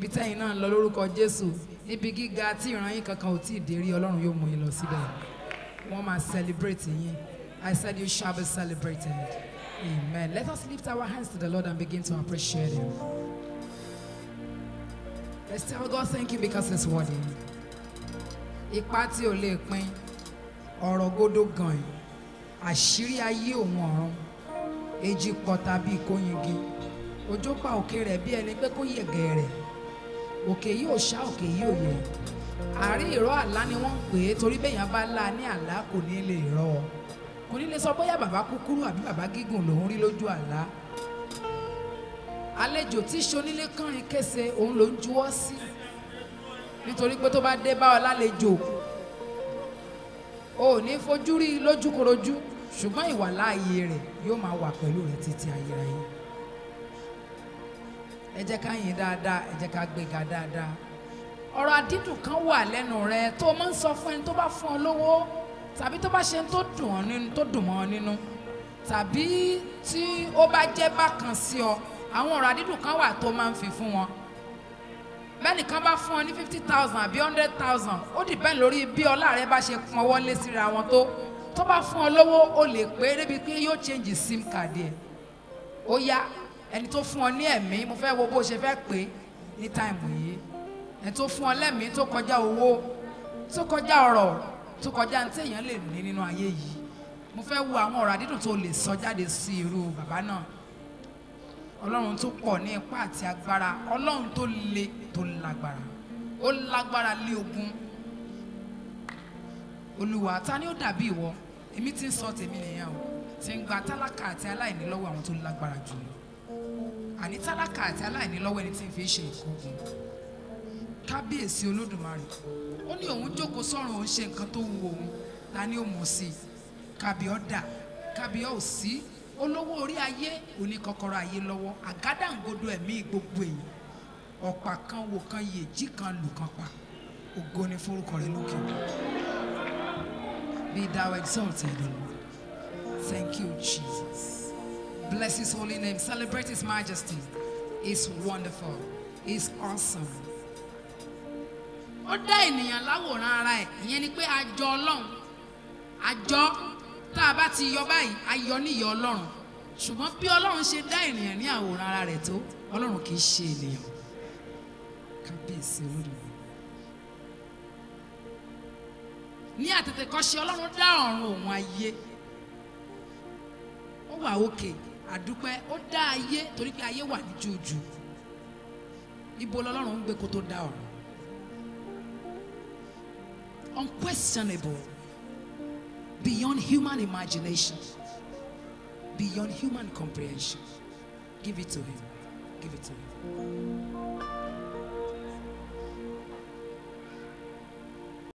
ibi tẹ́yìn náà lọ lórúkọ Jésù níbi gíga tí ìran yín kankan ò tí ì dérí Ọlọ́run yóò mú yín lọ síbẹ̀ wọ́n máa celebrate yín I said you shall be celebrated amen let us lift our hands to the Lord and begin to appreciate him let's tell God thank you because it's worthy ipa tí ò lè pín ọ̀rọ̀ gbódó gan-an àṣírí ayé òun ọ̀run èjì pọ̀ tàbí ìkóyingin òjò pa òkè rẹ̀ bí ẹni pé kó yẹ̀gẹ̀ rẹ̀ òkè yóò ṣá òkè yóò yẹ àrí ìró àlá ni wọ́n ń pè é torí bẹ́yàn bá lá ní àlá kò ní lè rọ kò ní lè sọ bóyá bàbá kúkúrú àbí bàbá gígùn lòún rí lójú àlá àlejò tí sonílé kánrin kése òun ló ń juwọ́ sí nítorí pé tó bá dé bá ọ lálejò o ní fojú rí lójúkorojú ṣùgbọ́n ìwà rẹ̀ yóò máa wà pẹ̀lú rẹ̀ títí ayérayé ẹ jẹ́ ká yìn dáadáa ẹ jẹ́ ká gbéga dáadáa ọ̀rọ̀ àdídùn kan wà lẹ́nu rẹ tó o máa ń sọ fún ẹni tó bá fún ọ lówó tàbí tó bá ṣe ń tó dùn ọ nínú tó dùn mọ́ ọ nínú tàbí tí ó bá jẹ́ bákan sí ọ àwọn ọ̀rọ̀ àdídùn kan wà tó o máa ń fi fún wọn bẹ́nìkan bá fún ọ ní fifty thousand àbí hundred thousand ó dìbẹ́ lórí bí ọlá rẹ bá ṣe pọn wọlé síra wọn tó tó bá fún ọ lówó o lè pé débi pé yóò change sim card yẹ ó yá ẹni tó fún ọ ní ẹ̀mí mo fẹ́ wo bó ṣe fẹ́ pè é ní táìmù yìí ẹni tó fún ọ lẹ́mìí tó kọjá owó tó kọjá ọ̀rọ̀ tó kọjá ní téèyàn lè ní nínú ayé yìí mo fẹ́ wo àwọn ọ̀rọ̀ àdídùn tó lè sọ jáde sí irú bàbá náà ọlọ́run tó pọ̀ ní ipá àti agbára ọlọ́run tó le tó lágbára ó lágbára lé ogun olúwa ta ni ó dàbí ìwọ èmi ti ń sọ tèmi nìyẹn o ti ń gba tálákà àti aláìní lọ́wọ́ àwọn tó lágbára jù lọ àní tálákà àti aláìní lọ́wọ́ ẹni tí ń fi ṣe nǹkan ogun kábíyèsí olódùmarè ó ní òun jókòó sọ́run òun ṣe nǹkan tó wu òun ta ni ó mọ̀ sí i kàbíọ́dà kàbíọ́ ò sí olówó orí ayé òní kọ́kọ́rọ́ ayé lọ́wọ́ àgádáǹgodo ẹ̀mí gbogbo èyí ọ̀pá kan wò kan yèjì kan lù kan pa ògo ni forúkọ rẹ lókè be thou exalted o lord thank you jesus bless his holy name. Celebrate his majesty. He's wonderful. He's awesome. Ó dá ènìyàn láwòrán ara ẹ̀, ìyẹn ni pé àjọ Ọlọ́run, àjọ tá a bá ti yọ báyìí, a yọ níyọ Ọlọ́run. Ṣùgbọ́n bí Ọlọ́run ṣe dá ènìyàn ní àwòrán ara rẹ̀ tó, Ọlọ́run kì í ṣe ènìyàn. Kábíyèsí olódùmọ̀. Ní àtètèkọ́ṣe Ọlọ́run dá ọ̀run òun ayé. Ó wà òkè. Okay àdúpẹ́ ó dá ayé torí pé ayé wà ní jújù ibo lọ́lọ́run ń gbé kó tó dá ọ̀run unquestionable beyond human imagination beyond human comprehension give it to him give it to him.